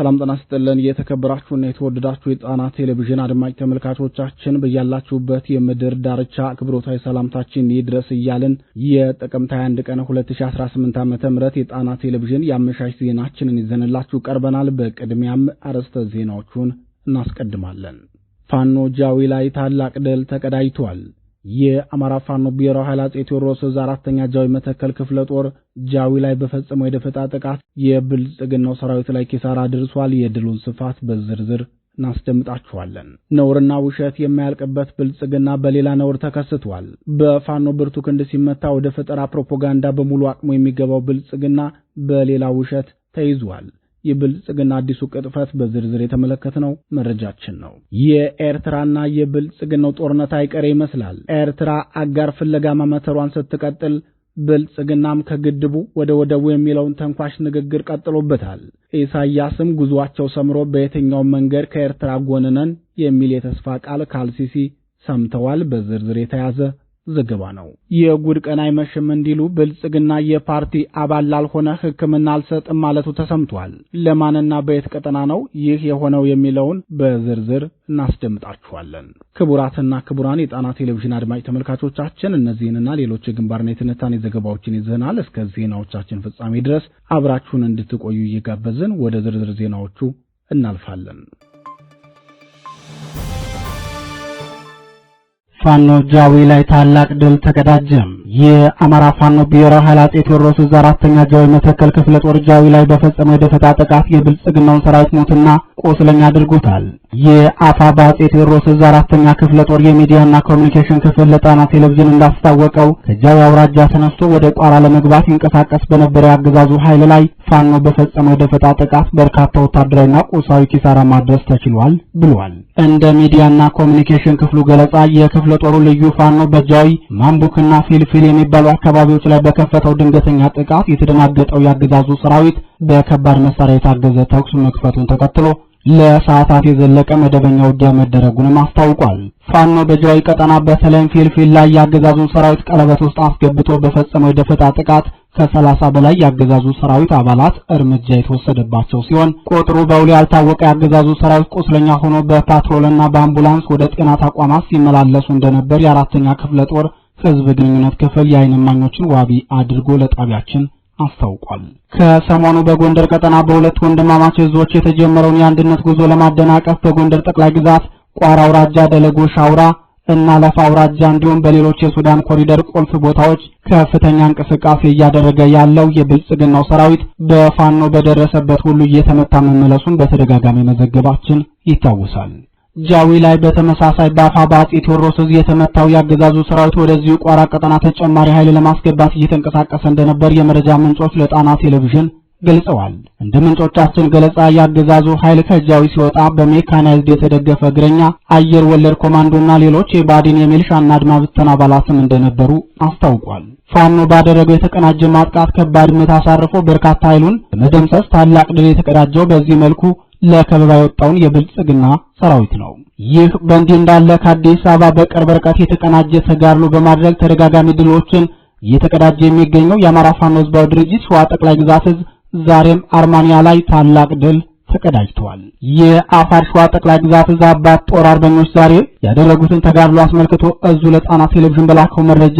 ሰላም ጤና ይስጥልን። የተከበራችሁና የተወደዳችሁ የጣና ቴሌቪዥን አድማጭ ተመልካቾቻችን በያላችሁበት የምድር ዳርቻ አክብሮታዊ ሰላምታችን ይድረስ እያልን የጥቅምት 21 ቀን 2018 ዓ.ም የጣና ቴሌቪዥን የአመሻሽ ዜናችንን ይዘንላችሁ ቀርበናል። በቅድሚያም አርዕስተ ዜናዎቹን እናስቀድማለን። ፋኖ ጃዊ ላይ ታላቅ ድል ተቀዳጅቷል። የአማራ ፋኖ ብሔራዊ ኃይል አፄ ቴዎድሮስ እዝ አራተኛ ጃዊ መተከል ክፍለ ጦር ጃዊ ላይ በፈጸመው የደፈጣ ጥቃት የብልጽግናው ሰራዊት ላይ ኪሳራ አድርሷል። የድሉን ስፋት በዝርዝር እናስደምጣችኋለን። ነውርና ውሸት የማያልቅበት ብልጽግና በሌላ ነውር ተከስቷል። በፋኖ ብርቱ ክንድ ሲመታ ወደ ፈጠራ ፕሮፓጋንዳ በሙሉ አቅሙ የሚገባው ብልጽግና በሌላ ውሸት ተይዟል። የብልጽግና አዲሱ ቅጥፈት በዝርዝር የተመለከትነው መረጃችን ነው። የኤርትራና የብልጽግናው ጦርነት አይቀሬ ይመስላል። ኤርትራ አጋር ፍለጋ ማመተሯን ስትቀጥል ብልጽግናም ከግድቡ ወደ ወደቡ የሚለውን ተንኳሽ ንግግር ቀጥሎበታል። ኢሳያስም ጉዞአቸው ሰምሮ በየትኛውም መንገድ ከኤርትራ ጎንነን የሚል የተስፋ ቃል ካልሲሲ ሰምተዋል። በዝርዝር የተያዘ ዘገባ ነው። የጉድ ቀን አይመሽም እንዲሉ ብልጽግና የፓርቲ አባል ላልሆነ ሕክምና አልሰጥም ማለቱ ተሰምቷል። ለማንና በየት ቀጠና ነው ይህ የሆነው የሚለውን በዝርዝር እናስደምጣችኋለን። ክቡራትና ክቡራን የጣና ቴሌቪዥን አድማጭ ተመልካቾቻችን እነዚህንና ሌሎች የግንባርና የትንታኔ ዘገባዎችን ይዘናል። እስከ ዜናዎቻችን ፍጻሜ ድረስ አብራችሁን እንድትቆዩ እየጋበዝን ወደ ዝርዝር ዜናዎቹ እናልፋለን። ፋኖ ጃዊ ላይ ታላቅ ድል ተቀዳጀ። የአማራ ፋኖ ብሔራዊ ኃይል አፄ ቴዎድሮስ እዝ አራተኛ ጃዊ መተከል ክፍለ ጦር ጃዊ ላይ በፈጸመው የደፈጣ ጥቃት የብልጽግናውን ሰራዊት ሞትና ቆስለኛ አድርጎታል። የአፋ በአፄ ቴዎድሮስ እዝ አራተኛ ክፍለ ጦር የሚዲያና ኮሚኒኬሽን ክፍል ለጣና ቴሌቪዥን እንዳስታወቀው ከጃዊ አውራጃ ተነስቶ ወደ ቋራ ለመግባት ይንቀሳቀስ በነበረ የአገዛዙ ኃይል ላይ ፋኖ በፈጸመው የደፈጣ ጥቃት በርካታ ወታደራዊና ቁሳዊ ኪሳራ ማድረስ ተችሏል ብሏል። እንደ ሚዲያና ኮሚኒኬሽን ክፍሉ ገለጻ የክፍለ ጦሩ ልዩ ፋኖ በጃዊ ማምቡክና ፊልፊል የሚባሉ አካባቢዎች ላይ በከፈተው ድንገተኛ ጥቃት የተደናገጠው የአገዛዙ ሰራዊት በከባድ መሳሪያ የታገዘ ተኩስ መክፈቱን ተከትሎ ለሰዓታት የዘለቀ መደበኛ ውጊያ መደረጉንም አስታውቋል። ፋኖ በጃዊ ቀጠና በተለይም ፊልፊል ላይ የአገዛዙን ሰራዊት ቀለበት ውስጥ አስገብቶ በፈጸመው የደፈጣ ጥቃት ከሰላሳ በላይ የአገዛዙ ሰራዊት አባላት እርምጃ የተወሰደባቸው ሲሆን ቁጥሩ በውል ያልታወቀ የአገዛዙ ሰራዊት ቁስለኛ ሆኖ በፓትሮልና በአምቡላንስ ወደ ጤና ተቋማት ሲመላለሱ እንደነበር የአራተኛ ክፍለ ጦር ህዝብ ግንኙነት ክፍል የአይን እማኞችን ዋቢ አድርጎ ለጣቢያችን አስታውቋል። ከሰሞኑ በጎንደር ቀጠና በሁለት ወንድማማች ህዝቦች የተጀመረውን የአንድነት ጉዞ ለማደናቀፍ በጎንደር ጠቅላይ ግዛት ቋራ አውራጃ ደለጎ ሻውራ እና ለፋ አውራጃ እንዲሁም በሌሎች የሱዳን ኮሪደር ቁልፍ ቦታዎች ከፍተኛ እንቅስቃሴ እያደረገ ያለው የብልጽግናው ሰራዊት በፋኖ በደረሰበት ሁሉ እየተመታ መመለሱን በተደጋጋሚ መዘገባችን ይታወሳል። ጃዊ ላይ በተመሳሳይ ባፋ በአጼ ቴዎድሮስ እዝ የተመታው የአገዛዙ ሰራዊት ወደዚሁ ቋራ ቀጠና ተጨማሪ ኃይል ለማስገባት እየተንቀሳቀሰ እንደነበር የመረጃ ምንጮች ለጣና ቴሌቪዥን ገልጸዋል። እንደ ምንጮቻችን ገለጻ ያገዛዙ ኃይል ከጃዊ ሲወጣ በሜካናይዝድ የተደገፈ እግረኛ፣ አየር ወለድ ኮማንዶና ሌሎች የባዲን የሚልሻና አድማ ብተና አባላትም እንደነበሩ አስታውቋል። ፋኖ ባደረገው የተቀናጀ ማጥቃት ከባድ ምት አሳርፎ በርካታ ኃይሉን በመደምሰስ ታላቅ ድል የተቀዳጀው በዚህ መልኩ ለከበባ የወጣውን የብልጽግና ሰራዊት ነው። ይህ በእንዲህ እንዳለ ከአዲስ አበባ በቅርብ ርቀት የተቀናጀ ተጋድሎ በማድረግ ተደጋጋሚ ድሎችን እየተቀዳጀ የሚገኘው የአማራ ፋኖ ህዝባዊ ድርጅት ሸዋ ጠቅላይ ግዛት ህዝብ ዛሬም አርማንያ ላይ ታላቅ ድል ተቀዳጅተዋል። የአፋር ሸዋ ጠቅላይ ግዛት እዝ አባት ጦር አርበኞች ዛሬ ያደረጉትን ተጋድሎ አስመልክቶ እዙ ለጣና ቴሌቪዥን በላከው መረጃ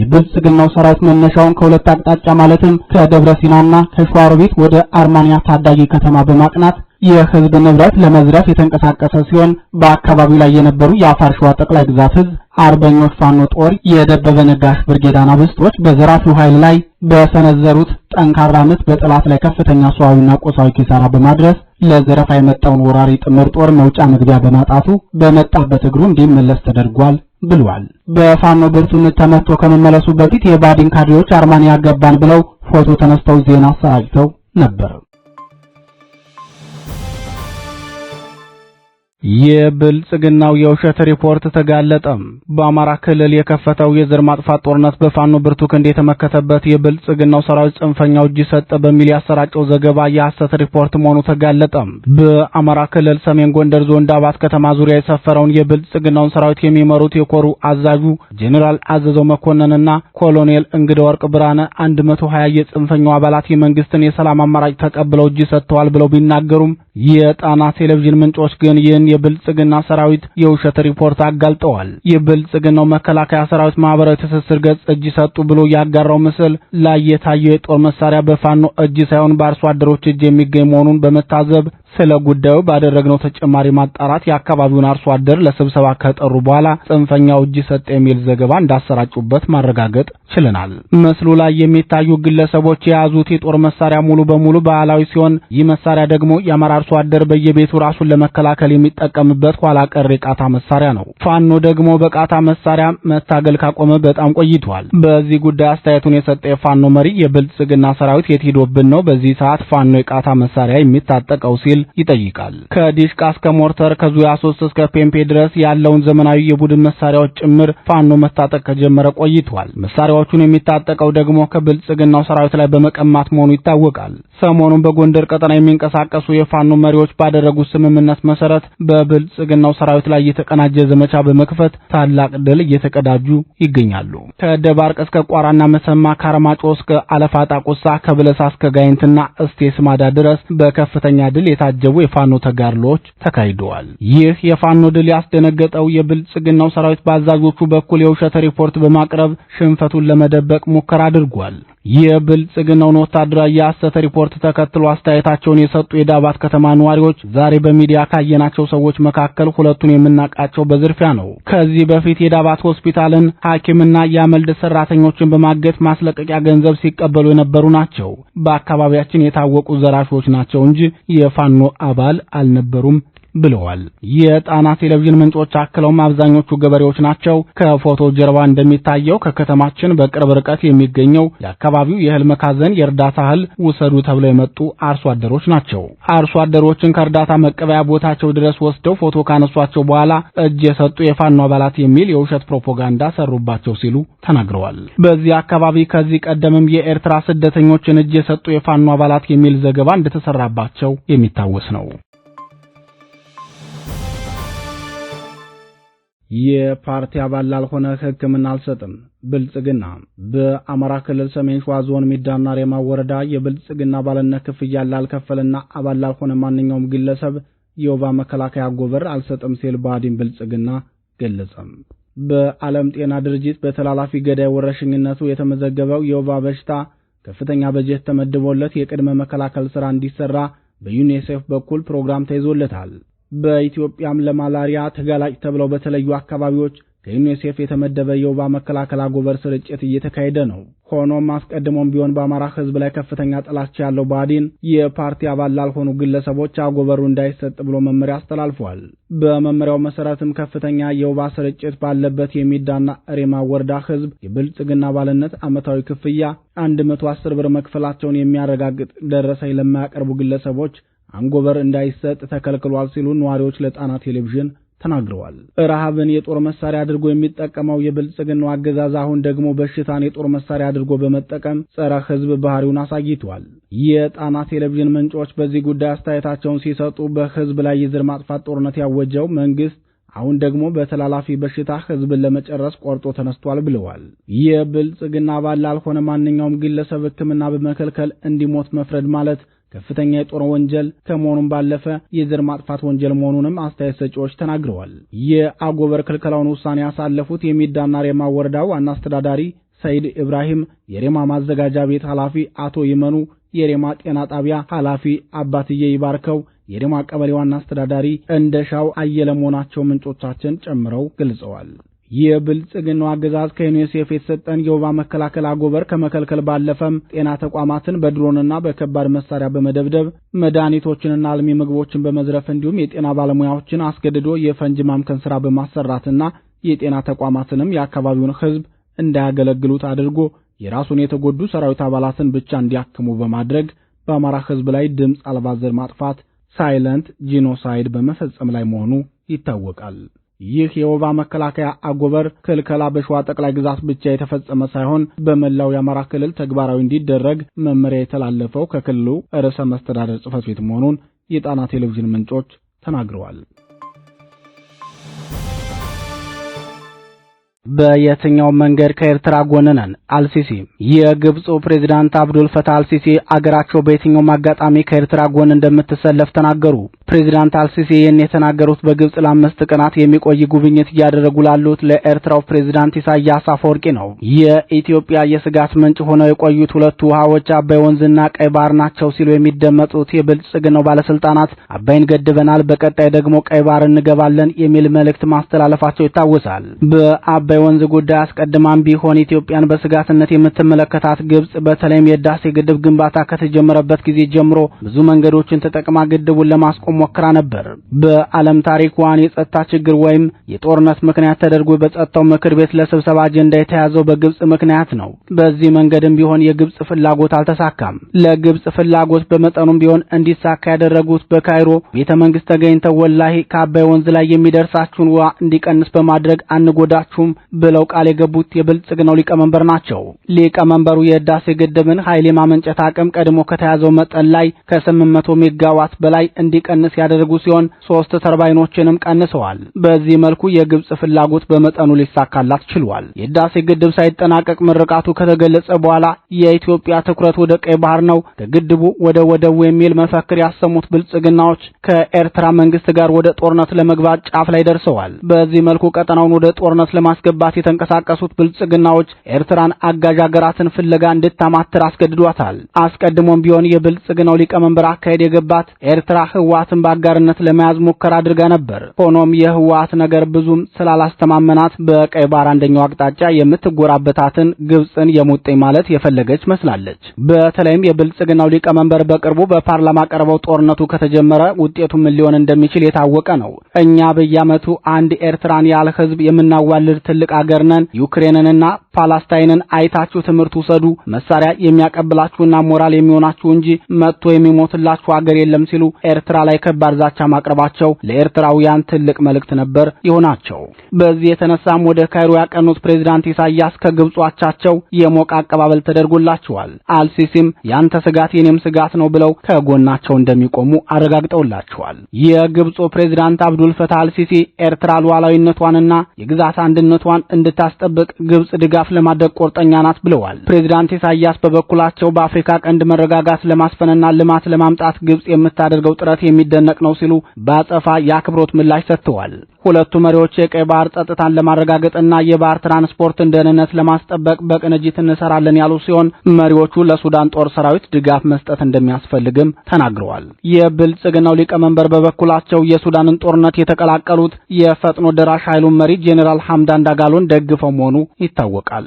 የብልጽግናው ሰራዊት መነሻውን ከሁለት አቅጣጫ ማለትም ከደብረ ሲናና ከሸዋሮቢት ወደ አርማንያ ታዳጊ ከተማ በማቅናት የህዝብ ንብረት ለመዝረፍ የተንቀሳቀሰ ሲሆን በአካባቢው ላይ የነበሩ የአፋር ሸዋ ጠቅላይ ግዛት ህዝብ አርበኞች ፋኖ ጦር የደበበ ነጋሽ ብርጌዳና ብስቶች በዘራፊው ኃይል ላይ በሰነዘሩት ጠንካራ ምት በጠላት ላይ ከፍተኛ ሰዋዊና ቁሳዊ ኪሳራ በማድረስ ለዘረፋ የመጣውን ወራሪ ጥምር ጦር መውጫ መግቢያ በማጣቱ በመጣበት እግሩ እንዲመለስ ተደርጓል ብሏል። በፋኖ ብርቱነት ተመቶ ከመመለሱ በፊት የባዲን ካድሬዎች አርማን ያገባን ብለው ፎቶ ተነስተው ዜና አሰራጭተው ነበር። የብልጽግናው የውሸት ሪፖርት ተጋለጠ። በአማራ ክልል የከፈተው የዘር ማጥፋት ጦርነት በፋኖ ብርቱ ክንድ የተመከተበት የብልጽግናው ሰራዊት ጽንፈኛው እጅ ሰጠ በሚል ያሰራጨው ዘገባ የሐሰት ሪፖርት መሆኑ ተጋለጠ። በአማራ ክልል ሰሜን ጎንደር ዞን ዳባት ከተማ ዙሪያ የሰፈረውን የብልጽግናውን ሰራዊት የሚመሩት የኮሩ አዛዡ ጄኔራል አዘዘው መኮንንና ኮሎኔል እንግዳ ወርቅ ብርሃነ 120 የጽንፈኛው አባላት የመንግስትን የሰላም አማራጭ ተቀብለው እጅ ሰጥተዋል ብለው ቢናገሩም የጣና ቴሌቪዥን ምንጮች ግን ይህን የብልጽግና ሰራዊት የውሸት ሪፖርት አጋልጠዋል። የብልጽግናው መከላከያ ሰራዊት ማህበራዊ ትስስር ገጽ እጅ ሰጡ ብሎ ያጋራው ምስል ላይ የታየው የጦር መሳሪያ በፋኖ እጅ ሳይሆን በአርሶ አደሮች እጅ የሚገኝ መሆኑን በመታዘብ ስለ ጉዳዩ ባደረግነው ተጨማሪ ማጣራት የአካባቢውን አርሶ አደር ለስብሰባ ከጠሩ በኋላ ጽንፈኛው እጅ ሰጥ የሚል ዘገባ እንዳሰራጩበት ማረጋገጥ ችለናል። ምስሉ ላይ የሚታዩ ግለሰቦች የያዙት የጦር መሳሪያ ሙሉ በሙሉ ባህላዊ ሲሆን ይህ መሳሪያ ደግሞ የአማራ አርሶ አደር በየቤቱ ራሱን ለመከላከል የሚጠቀምበት ኋላ ቀር የቃታ መሳሪያ ነው። ፋኖ ደግሞ በቃታ መሳሪያ መታገል ካቆመ በጣም ቆይቷል። በዚህ ጉዳይ አስተያየቱን የሰጠ የፋኖ መሪ የብልጽግና ሰራዊት የት ሄዶብን ነው በዚህ ሰዓት ፋኖ የቃታ መሳሪያ የሚታጠቀው ሲል ይጠይቃል። ከዲሽቃ እስከ ሞርተር ከዙያ 3 እስከ ፔምፔ ድረስ ያለውን ዘመናዊ የቡድን መሳሪያዎች ጭምር ፋኖ መታጠቅ ከጀመረ ቆይቷል። መሳሪያዎቹን የሚታጠቀው ደግሞ ከብልጽግናው ሰራዊት ላይ በመቀማት መሆኑ ይታወቃል። ሰሞኑን በጎንደር ቀጠና የሚንቀሳቀሱ የፋኖ መሪዎች ባደረጉት ስምምነት መሰረት በብልጽግናው ሰራዊት ላይ የተቀናጀ ዘመቻ በመክፈት ታላቅ ድል እየተቀዳጁ ይገኛሉ። ከደባርቅ እስከ ቋራና መሰማ፣ ከአርማጮ እስከ አለፋጣ ቁሳ ከብለሳ እስከ ጋይንትና እስቴ ስማዳ ድረስ በከፍተኛ ድል የታ የታጀቡ የፋኖ ተጋድሎዎች ተካሂደዋል። ይህ የፋኖ ድል ያስደነገጠው የብልጽግናው ሰራዊት በአዛዦቹ በኩል የውሸት ሪፖርት በማቅረብ ሽንፈቱን ለመደበቅ ሙከራ አድርጓል። የብልጽግናውን ወታደራዊ የሐሰት ሪፖርት ተከትሎ አስተያየታቸውን የሰጡ የዳባት ከተማ ነዋሪዎች ዛሬ በሚዲያ ካየናቸው ሰዎች መካከል ሁለቱን የምናውቃቸው በዝርፊያ ነው። ከዚህ በፊት የዳባት ሆስፒታልን ሐኪምና የአመልድ ሰራተኞችን በማገት ማስለቀቂያ ገንዘብ ሲቀበሉ የነበሩ ናቸው። በአካባቢያችን የታወቁ ዘራፊዎች ናቸው እንጂ የፋኖ አባል አልነበሩም ብለዋል። የጣና ቴሌቪዥን ምንጮች አክለውም አብዛኞቹ ገበሬዎች ናቸው። ከፎቶ ጀርባ እንደሚታየው ከከተማችን በቅርብ ርቀት የሚገኘው የአካባቢው የእህል መካዘን የእርዳታ እህል ውሰዱ ተብለው የመጡ አርሶ አደሮች ናቸው። አርሶ አደሮችን ከእርዳታ መቀበያ ቦታቸው ድረስ ወስደው ፎቶ ካነሷቸው በኋላ እጅ የሰጡ የፋኖ አባላት የሚል የውሸት ፕሮፓጋንዳ ሰሩባቸው ሲሉ ተናግረዋል። በዚህ አካባቢ ከዚህ ቀደምም የኤርትራ ስደተኞችን እጅ የሰጡ የፋኖ አባላት የሚል ዘገባ እንደተሰራባቸው የሚታወስ ነው። የፓርቲ አባል ላልሆነ ሕክምና አልሰጥም። ብልጽግና በአማራ ክልል ሰሜን ሸዋ ዞን ሚዳና ሬማ ወረዳ የብልጽግና ባልነት ክፍያ ላልከፈልና አባል ላልሆነ ማንኛውም ግለሰብ የወባ መከላከያ ጎበር አልሰጥም ሲል ብአዴን ብልጽግና ገለጸም። በዓለም ጤና ድርጅት በተላላፊ ገዳይ ወረሽኝነቱ የተመዘገበው የወባ በሽታ ከፍተኛ በጀት ተመድቦለት የቅድመ መከላከል ሥራ እንዲሠራ በዩኒሴፍ በኩል ፕሮግራም ተይዞለታል። በኢትዮጵያም ለማላሪያ ተጋላጭ ተብለው በተለዩ አካባቢዎች ከዩኒሴፍ የተመደበ የውባ መከላከል አጎበር ስርጭት እየተካሄደ ነው። ሆኖም አስቀድሞም ቢሆን በአማራ ሕዝብ ላይ ከፍተኛ ጥላቻ ያለው ብአዴን የፓርቲ አባል ላልሆኑ ግለሰቦች አጎበሩ እንዳይሰጥ ብሎ መመሪያ አስተላልፏል። በመመሪያው መሰረትም ከፍተኛ የውባ ስርጭት ባለበት የሚዳና ሬማ ወረዳ ሕዝብ የብልጽግና ባልነት ዓመታዊ ክፍያ 110 ብር መክፈላቸውን የሚያረጋግጥ ደረሰኝ ለማያቀርቡ ግለሰቦች አንጎበር እንዳይሰጥ ተከልክሏል ሲሉ ነዋሪዎች ለጣና ቴሌቪዥን ተናግረዋል። ረሃብን የጦር መሳሪያ አድርጎ የሚጠቀመው የብልጽግናው አገዛዝ አሁን ደግሞ በሽታን የጦር መሳሪያ አድርጎ በመጠቀም ጸረ ሕዝብ ባህሪውን አሳይቷል። የጣና ቴሌቪዥን ምንጮች በዚህ ጉዳይ አስተያየታቸውን ሲሰጡ በሕዝብ ላይ የዘር ማጥፋት ጦርነት ያወጀው መንግሥት አሁን ደግሞ በተላላፊ በሽታ ሕዝብን ለመጨረስ ቆርጦ ተነስቷል ብለዋል። የብልጽግና አባል ላልሆነ ማንኛውም ግለሰብ ሕክምና በመከልከል እንዲሞት መፍረድ ማለት ከፍተኛ የጦር ወንጀል ከመሆኑም ባለፈ የዘር ማጥፋት ወንጀል መሆኑንም አስተያየት ሰጪዎች ተናግረዋል። የአጎበር ክልከላውን ውሳኔ ያሳለፉት የሚዳና ሬማ ወረዳ ዋና አስተዳዳሪ ሰይድ ኢብራሂም፣ የሬማ ማዘጋጃ ቤት ኃላፊ አቶ ይመኑ፣ የሬማ ጤና ጣቢያ ኃላፊ አባትዬ ይባርከው፣ የሬማ ቀበሌ ዋና አስተዳዳሪ እንደሻው አየለ መሆናቸው ምንጮቻችን ጨምረው ገልጸዋል። የብልጽግናው አገዛዝ ከዩኒሴፍ የተሰጠን የወባ መከላከል አጎበር ከመከልከል ባለፈም ጤና ተቋማትን በድሮንና በከባድ መሳሪያ በመደብደብ መድኃኒቶችንና አልሚ ምግቦችን በመዝረፍ እንዲሁም የጤና ባለሙያዎችን አስገድዶ የፈንጅ ማምከን ስራ በማሰራትና የጤና ተቋማትንም የአካባቢውን ሕዝብ እንዳያገለግሉት አድርጎ የራሱን የተጎዱ ሰራዊት አባላትን ብቻ እንዲያክሙ በማድረግ በአማራ ሕዝብ ላይ ድምፅ አልባ ዘር ማጥፋት ሳይለንት ጂኖሳይድ በመፈጸም ላይ መሆኑ ይታወቃል። ይህ የወባ መከላከያ አጎበር ክልከላ በሸዋ ጠቅላይ ግዛት ብቻ የተፈጸመ ሳይሆን በመላው የአማራ ክልል ተግባራዊ እንዲደረግ መመሪያ የተላለፈው ከክልሉ ርዕሰ መስተዳደር ጽፈት ቤት መሆኑን የጣና ቴሌቪዥን ምንጮች ተናግረዋል። በየትኛው መንገድ ከኤርትራ ጎን አልሲሲ የግብፁ ፕሬዚዳንት አብዱል ፈታህ አልሲሲ አገራቸው በየትኛውም አጋጣሚ ከኤርትራ ጎን እንደምትሰለፍ ተናገሩ። ፕሬዚዳንት አልሲሲ ይህን የተናገሩት በግብፅ ለአምስት ቀናት የሚቆይ ጉብኝት እያደረጉ ላሉት ለኤርትራው ፕሬዚዳንት ኢሳያስ አፈወርቂ ነው። የኢትዮጵያ የስጋት ምንጭ ሆነው የቆዩት ሁለቱ ውሃዎች አባይ ወንዝና ቀይ ባህር ናቸው ሲሉ የሚደመጡት የብልጽግናው ባለስልጣናት አባይን ገድበናል፣ በቀጣይ ደግሞ ቀይ ባህር እንገባለን የሚል መልእክት ማስተላለፋቸው ይታወሳል። በአባይ የወንዝ ጉዳይ አስቀድማም ቢሆን ኢትዮጵያን በስጋትነት የምትመለከታት ግብጽ በተለይም የህዳሴ ግድብ ግንባታ ከተጀመረበት ጊዜ ጀምሮ ብዙ መንገዶችን ተጠቅማ ግድቡን ለማስቆም ሞክራ ነበር። በዓለም ታሪክ ዋን የጸጥታ ችግር ወይም የጦርነት ምክንያት ተደርጎ በጸጥታው ምክር ቤት ለስብሰባ አጀንዳ የተያዘው በግብጽ ምክንያት ነው። በዚህ መንገድም ቢሆን የግብጽ ፍላጎት አልተሳካም። ለግብጽ ፍላጎት በመጠኑም ቢሆን እንዲሳካ ያደረጉት በካይሮ ቤተ መንግስት ተገኝተው ወላሂ ከአባይ ወንዝ ላይ የሚደርሳችሁን ውሃ እንዲቀንስ በማድረግ አንጎዳችሁም ብለው ቃል የገቡት የብልጽግናው ሊቀመንበር ናቸው። ሊቀመንበሩ የህዳሴ ግድብን ኃይል የማመንጨት አቅም ቀድሞ ከተያዘው መጠን ላይ ከ800 ሜጋዋት በላይ እንዲቀንስ ያደረጉ ሲሆን ሶስት ተርባይኖችንም ቀንሰዋል። በዚህ መልኩ የግብፅ ፍላጎት በመጠኑ ሊሳካላት ችሏል። የህዳሴ ግድብ ሳይጠናቀቅ ምርቃቱ ከተገለጸ በኋላ የኢትዮጵያ ትኩረት ወደ ቀይ ባህር ነው፣ ከግድቡ ወደ ወደቡ የሚል መፈክር ያሰሙት ብልጽግናዎች ከኤርትራ መንግስት ጋር ወደ ጦርነት ለመግባት ጫፍ ላይ ደርሰዋል። በዚህ መልኩ ቀጠናውን ወደ ጦርነት ለማስገባት ሊያደርሱባት የተንቀሳቀሱት ብልጽግናዎች ኤርትራን አጋዥ አገራትን ፍለጋ እንድታማትር አስገድዷታል። አስቀድሞም ቢሆን የብልጽግናው ሊቀመንበር አካሄድ የገባት ኤርትራ ህወሓትን በአጋርነት ለመያዝ ሙከራ አድርጋ ነበር። ሆኖም የህወሓት ነገር ብዙም ስላላስተማመናት በቀይ ባህር አንደኛው አቅጣጫ የምትጎራበታትን ግብፅን የሙጥኝ ማለት የፈለገች መስላለች። በተለይም የብልጽግናው ሊቀመንበር በቅርቡ በፓርላማ ቀርበው ጦርነቱ ከተጀመረ ውጤቱ ምን ሊሆን እንደሚችል የታወቀ ነው። እኛ በየዓመቱ አንድ ኤርትራን ያህል ህዝብ የምናዋልድ ትልቅ አገር ነን፣ ዩክሬንንና ፓላስታይንን አይታችሁ ትምህርት ውሰዱ፣ መሳሪያ የሚያቀብላችሁና ሞራል የሚሆናችሁ እንጂ መጥቶ የሚሞትላችሁ አገር የለም ሲሉ ኤርትራ ላይ ከባድ ዛቻ ማቅረባቸው ለኤርትራውያን ትልቅ መልእክት ነበር የሆናቸው። በዚህ የተነሳም ወደ ካይሮ ያቀኑት ፕሬዝዳንት ኢሳያስ ከግብጿቻቸው አቻቸው የሞቀ አቀባበል ተደርጎላቸዋል። አልሲሲም ያንተ ስጋት የኔም ስጋት ነው ብለው ከጎናቸው እንደሚቆሙ አረጋግጠውላቸዋል። የግብጹ ፕሬዝዳንት አብዱል ፈታህ አልሲሲ ኤርትራ ሉዓላዊነቷንና የግዛት አንድነቷን ሰላም እንድታስጠብቅ ግብጽ ድጋፍ ለማድረግ ቁርጠኛ ናት ብለዋል። ፕሬዚዳንት ኢሳያስ በበኩላቸው በአፍሪካ ቀንድ መረጋጋት ለማስፈንና ልማት ለማምጣት ግብጽ የምታደርገው ጥረት የሚደነቅ ነው ሲሉ በአጸፋ የአክብሮት ምላሽ ሰጥተዋል። ሁለቱ መሪዎች የቀይ ባህር ጸጥታን ለማረጋገጥና የባህር ትራንስፖርትን ደህንነት ለማስጠበቅ በቅንጅት እንሰራለን ያሉ ሲሆን መሪዎቹ ለሱዳን ጦር ሰራዊት ድጋፍ መስጠት እንደሚያስፈልግም ተናግረዋል። የብልጽግናው ሊቀመንበር በበኩላቸው የሱዳንን ጦርነት የተቀላቀሉት የፈጥኖ ደራሽ ኃይሉን መሪ ጄኔራል ሐምዳን ዳጋ ፖርቱጋሉን ደግፈው መሆኑ ይታወቃል።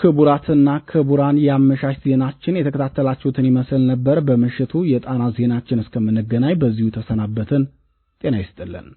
ክቡራትና ክቡራን የአመሻሽ ዜናችን የተከታተላችሁትን ይመስል ነበር። በምሽቱ የጣና ዜናችን እስከምንገናኝ በዚሁ ተሰናበትን። ጤና ይስጥልን።